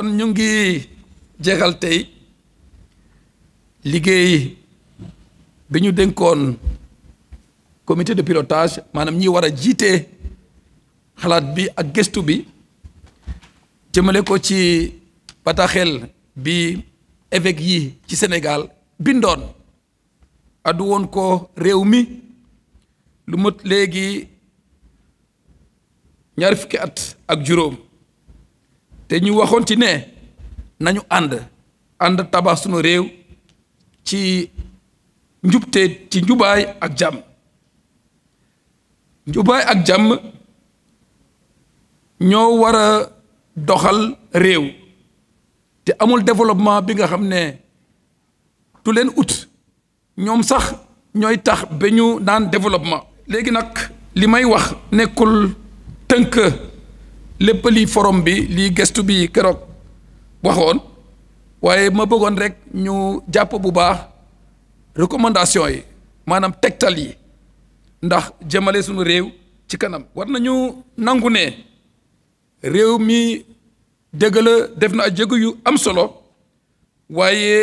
kon ñu ngi jegal tey liggéey bi ñu dénkoon comité de pilotage maanaam ñi war a jiite xalaat bi ak gëstu bi jëmale ko ci bataaxel bi évêque yi ci Sénégal bindoon addu woon ko réew mi lu mët léegi ñaar fukki at ak juróom te ñu waxoon ci ne nañu ànd ànd tabax sunu réew ci njubte ci njubaay ak jàmm njubaay ak jàmm ñoo war a doxal réew te amul développement bi nga xam ne tu leen ut ñoom sax ñooy tax ba ñu naan développement léegi nag li may wax nekkul tënk lépp lii forom bi lii gestu bi keroog waxoon waaye ma bëggoon rek ñu jàpp bu baax recommandation yi maanaam tegtal yi ndax jëmale suñu réew ci kanam war nañu nangu ne réew mi dëgg def na jéego yu am solo waaye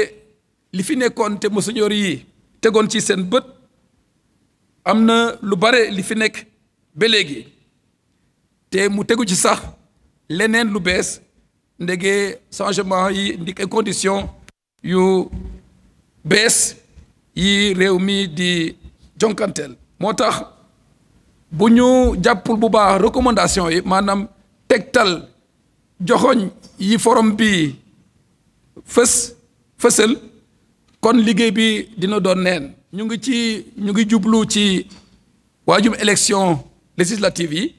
li fi nekkoon te monseigneur yi tegoon ci seen bët am na lu bare li fi nekk ba léegi te mu tegu ci sax leneen lu bees ndege changement yi ndik ay yu bees yi réew mi di jonkanteel moo tax bu ñu jàppul bu baax recommandation yi maanaam tegtal joxoñ yi forom bi fës fësal kon liggéey bi dina doon neen ñu ngi ci ñu ngi jublu ci waajum élection législative yi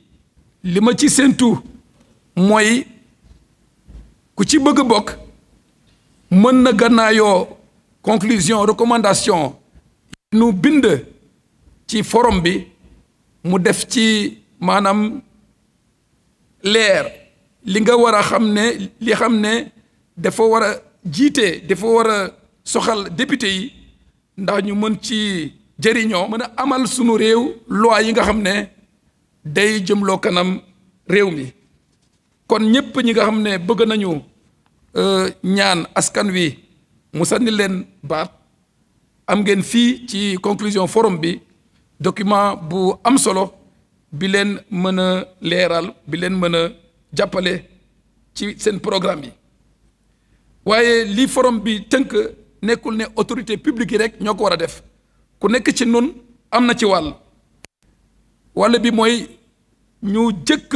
li ma ci séentu mooy ku ci bëgg bokk mën na gannaayoo conclusion recommandation nu bind ci forom bi mu def ci maanaam leer li nga war a xam ne li xam ne dafa war a jiite dafa war a soxal député yi ndax ñu mën ci jëriñoo mën a amal sunu réew loi yi nga xam ne day jëmloo kanam réew mi kon ñépp ñi nga xam ne bëgg nañu euh, ñaan askan wi mu sànni leen baat am ngeen fii ci conclusion forom bi document bu am solo bi leen mën a leeral bi leen mën a jàppale ci seen programme yi waaye lii forom bi tënk nekkul ne autorité publique yi rek ñoo ko war a def ku nekk ci nun am na ci wàll wàll bi mooy ñu jëkk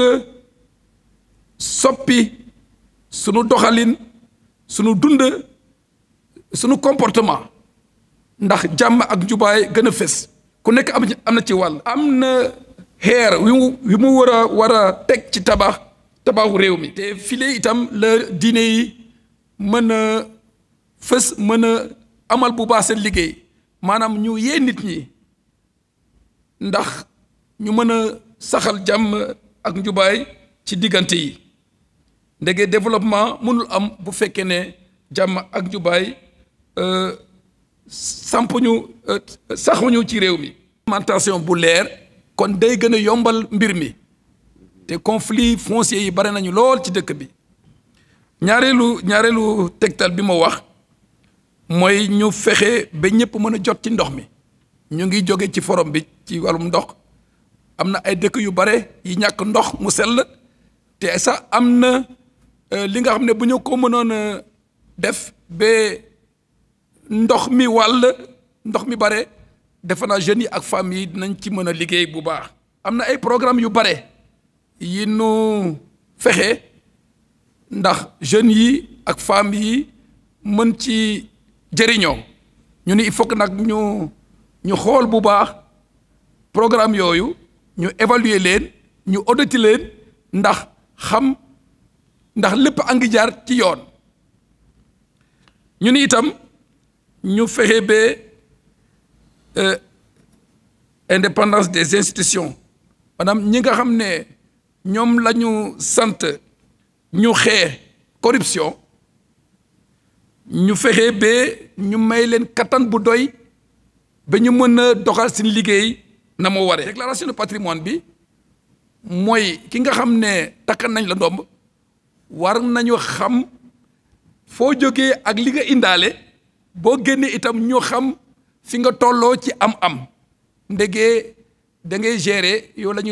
soppi sunu doxalin sunu dund sunu comportement ndax jàmm ak njubaay gën a fës ku nekk am am na ci wàll am na xeer wi mu wi mu war a war a teg ci tabax tabaxu réew mi te file itam la diine yi mën a fës mën a amal bu baax seen liggéey maanaam ñu yee nit ñi ndax ñu mën a saxal jàmm ak njubaay ci diggante yi ndege développement mënul am bu fekkee ne jàmm ak njubaay euh, sampuñu euh, saxuñu ci réew mi. mantation bu leer kon day gën a yombal mbir mi te conflit foncier yi bare nañu lool ci dëkk bi ñaareelu ñaareelu tegtal bi ma wax mooy ñu fexe ba ñëpp mën a jot ci ndox mi ñu ngi jóge ci forom bi ci wàllum ndox. am na ay dëkk yu bare yi ñàkk ndox mu sell te sax am na euh, li nga xam ne bu ñu ko mënoon euh, def ba ndox mi wàll ndox mi bare defe naa jeunes yi ak femmes yi dinañ ci mën a liggéey bu baax. am na ay programme yu bare yi nu fexe ndax jeunes yi ak femmes yi mën ci jëriñoo ñu ni il faut que nag ñu xool bu baax programme yooyu. ñu évaluer leen ñu auditi leen ndax xam ndax lépp a ngi jaar ci yoon ñu ni itam ñu fexe ba euh, indépendance des institutions maanaam ñi nga xam ne ñoom la ñu sant ñu xee corruption ñu fexe ba ñu may leen kattan bu doy ba ñu mën a doxal seen liggéey na moo waree déclaration de patrimoine bi mooy ki nga xam ne takkan nañ la ndomb war nañu xam foo jógee ak li nga indaale boo génnee itam ñu xam fi nga tolloo ci am-am ndegee da ngay gérer yow la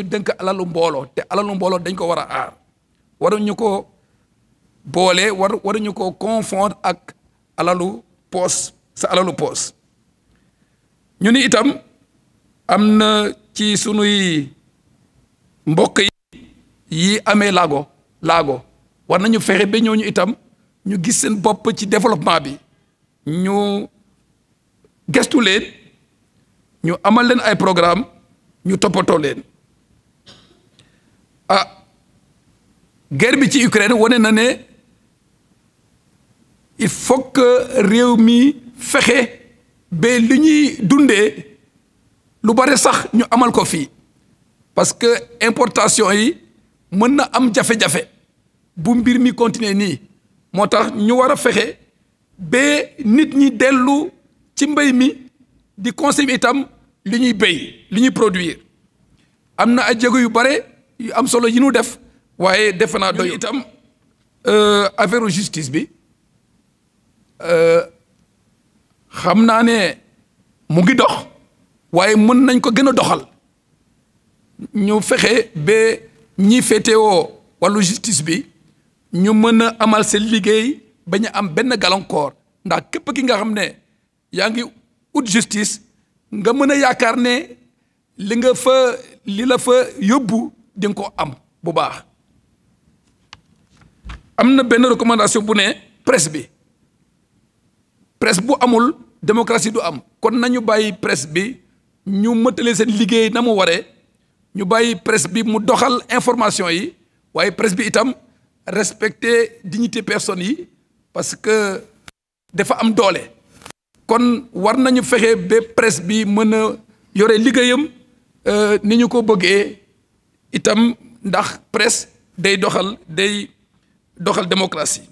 alalu mbooloo te alalu mbooloo dañ ko war a aar waruñu ko boole war waruñu ko confondre ak alalu poos sa alalu poos ñu ni itam am na ci sunuy mbokk yi amee laago laago war nañu fexe ba ñooñu itam ñu gis seen bopp ci développement bi ñu gestu leen ñu amal leen ay programme ñu toppatoo leen a ah, guerre bi ci Ukraine wane na ne il faut réew mi fexe ba li ñuy dundee lu bare sax ñu amal ko fii parce que importation yi mën na am jafe-jafe bu mbir mi continuer nii moo tax ñu war a fexe ba nit ñi dellu ci mbéy mi di consommer itam li ñuy béy li ñuy produire am na ay jéego yu bare yu am solo yi nu def waaye defe naa doy itam euh, affaire justice bi euh, xam naa ne mu ngi dox waaye mën nañ ko gën a doxal ñu fexe ba ñi féetewoo wàllu justice bi ñu mën a amal seen liggéey ba ñu am benn gàllankoor ndax képp ki nga xam ne yaa ngi ut justice nga mën a yaakaar ne li nga fa li la fa yóbbu di ko am bu baax am na benn recommandation bu ne presse bi presse bu amul démocratie du am kon nañu bàyyi presse bi ñu mëtale seen liggéey na mu waree ñu bàyyi presse bi mu doxal information yi waaye presse bi itam respecter dignité personne yi parce que dafa am doole. kon war nañu fexe ba presse bi mën a yore liggéeyam euh, ni ñu ko bëggee itam ndax presse day doxal day doxal démocratie.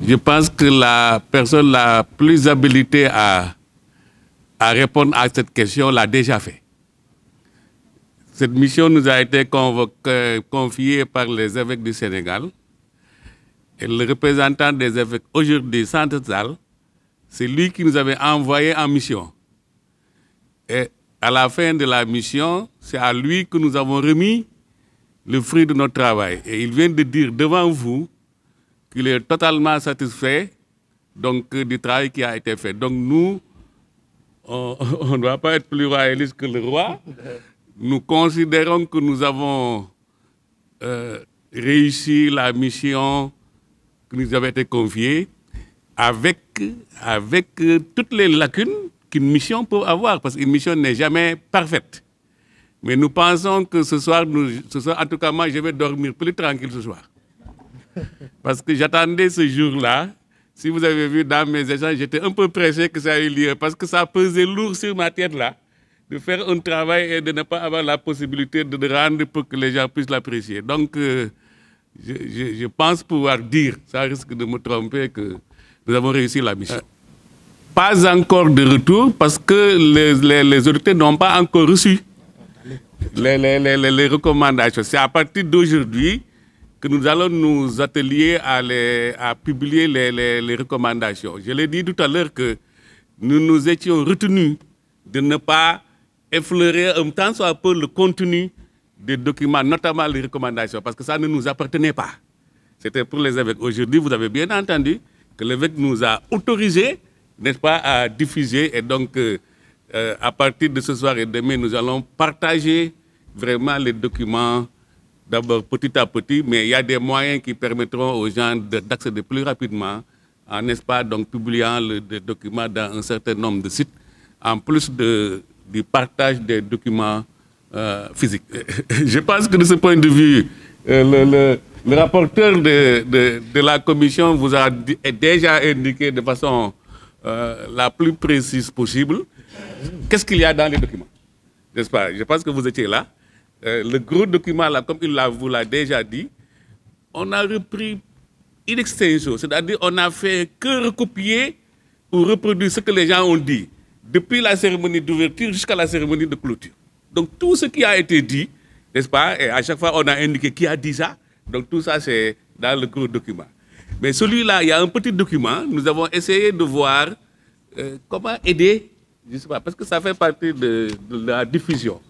Je pense que la personne la plus habilitée à à répondre à cette question l'a déjà fait. Cette mission nous a été confiée par les évêques du Sénégal. Et le représentant des évêques aujourd'hui, Sainte-Salle, c'est lui qui nous avait envoyé en mission. Et à la fin de la mission, c'est à lui que nous avons remis le fruit de notre travail. Et il vient de dire devant vous qu'il est totalement satisfait donc, du travail qui a été fait. on ne va pas être plus royaliste que le roi. Nous considérons que nous avons euh, réussi la mission qui nous avait été confiée avec, avec euh, toutes les lacunes qu'une mission peut avoir, parce qu'une mission n'est jamais parfaite. Mais nous pensons que ce soir, nous, ce soir, en tout cas moi, je vais dormir plus tranquille ce soir. Parce que j'attendais ce jour-là Si vous avez vu dans mes échanges, j'étais un peu pressé que ça ait lieu parce que ça pesait lourd sur ma tête là, de faire un travail et de ne pas avoir la possibilité de le rendre pour que les gens puissent l'apprécier. Donc, euh, je, pense pouvoir dire, ça risque de me tromper, que nous avons réussi la mission. Euh, pas encore de retour parce que les, les, les autorités n'ont pas encore reçu les, les recommandations. C'est à partir d'aujourd'hui que nous allons nous atteler à, les, à publier les, les, les recommandations. Je l'ai dit tout à l'heure que nous nous étions retenus de ne pas effleurer un tant soit peu le contenu des documents, notamment les recommandations, parce que ça ne nous appartenait pas. C'était pour les évêques. Aujourd'hui, vous avez bien entendu que l'évêque nous a autorisé, n'est-ce pas, à diffuser. Et donc, euh, euh, à partir de ce soir et demain, nous allons partager vraiment les documents d'abord petit à petit, mais il y a des moyens qui permettront aux gens d'accéder plus rapidement, euh, n'est-ce pas, donc publiant le, document documents dans un certain nombre de sites, en plus de, du partage des documents euh, physiques. Je pense que de ce point de vue, euh, le, le, le, rapporteur de, de, de, la commission vous a déjà indiqué de façon euh, la plus précise possible qu'est-ce qu'il y a dans les documents. N'est-ce pas Je pense que vous étiez là. euh, le gros document là, comme il vous l'a déjà dit, on a repris in extenso, c'est-à-dire on n'a fait que recopier ou reproduire ce que les gens ont dit, depuis la cérémonie d'ouverture jusqu'à la cérémonie de clôture. Donc tout ce qui a été dit, n'est-ce pas, et à chaque fois on a indiqué qui a dit ça, donc tout ça c'est dans le gros document. Mais celui-là, il a un petit document, nous avons essayé de voir euh, comment aider, parce que ça fait partie de, la diffusion.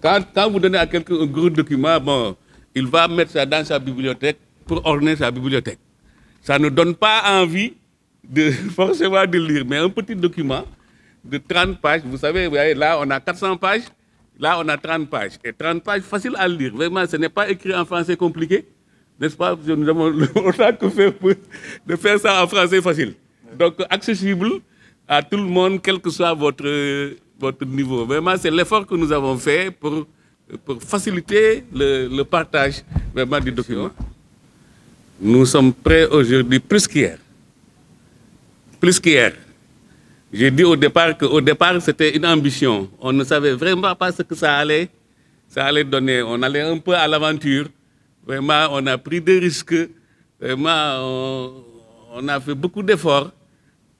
Quand, quand, vous donnez à quelqu'un un gros document, bon, il va mettre ça dans sa bibliothèque pour orner sa bibliothèque. Ça ne donne pas envie de forcément de lire, mais un petit document de pages, vous savez, là on a 400 pages, là on a pages. Et pages faciles à lire, vraiment, ce n'est pas écrit en français compliqué, n'est-ce pas Nous avons autant que de faire ça en français facile. Donc accessible à tout le monde, quel que soit votre euh, votre niveau. Vraiment, c'est l'effort que nous avons fait pour, pour faciliter le, le partage vraiment du document. Nous sommes prêts aujourd'hui plus qu'hier. Plus qu'hier. J'ai dit au départ qu'au départ, c'était une ambition. On ne savait vraiment pas ce que ça allait, ça allait donner. On allait un peu à l'aventure. Vraiment, on a pris des risques. Vraiment, on, on a fait beaucoup d'efforts,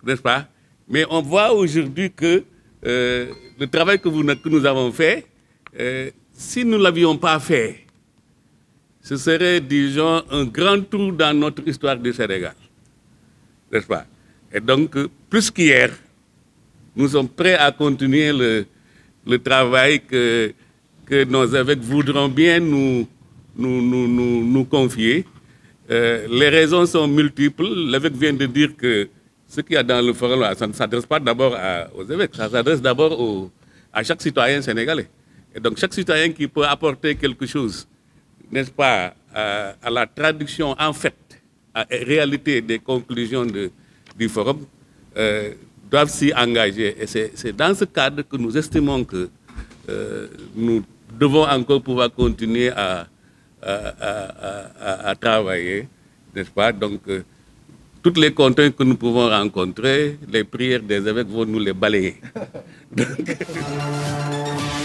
n'est-ce pas Mais on voit aujourd'hui que euh, le travail que, vous, que nous avons fait, euh, si nous ne l'avions pas fait, ce serait, disons, un grand trou dans notre histoire du Sénégal. N'est-ce pas Et donc, plus qu'hier, nous sommes prêts à continuer le, le travail que, que nos évêques voudront bien nous, nous, nous, nous, nous confier. Euh, les raisons sont multiples. L'évêque vient de dire que ce qu'il y a dans le forum là, ne s'adresse pas d'abord aux évêques, ça s'adresse d'abord à chaque citoyen sénégalais. Et donc chaque citoyen qui peut apporter quelque chose, n'est-ce pas, à, à, la traduction en fait, à réalité des conclusions de, du forum, euh, doivent s'y engager. Et c'est dans ce cadre que nous estimons que euh, nous devons encore pouvoir continuer à, travailler, n'est-ce pas Donc, euh, toutes les contraintes que nous pouvons rencontrer, les prières des évêques vont nous les balayer.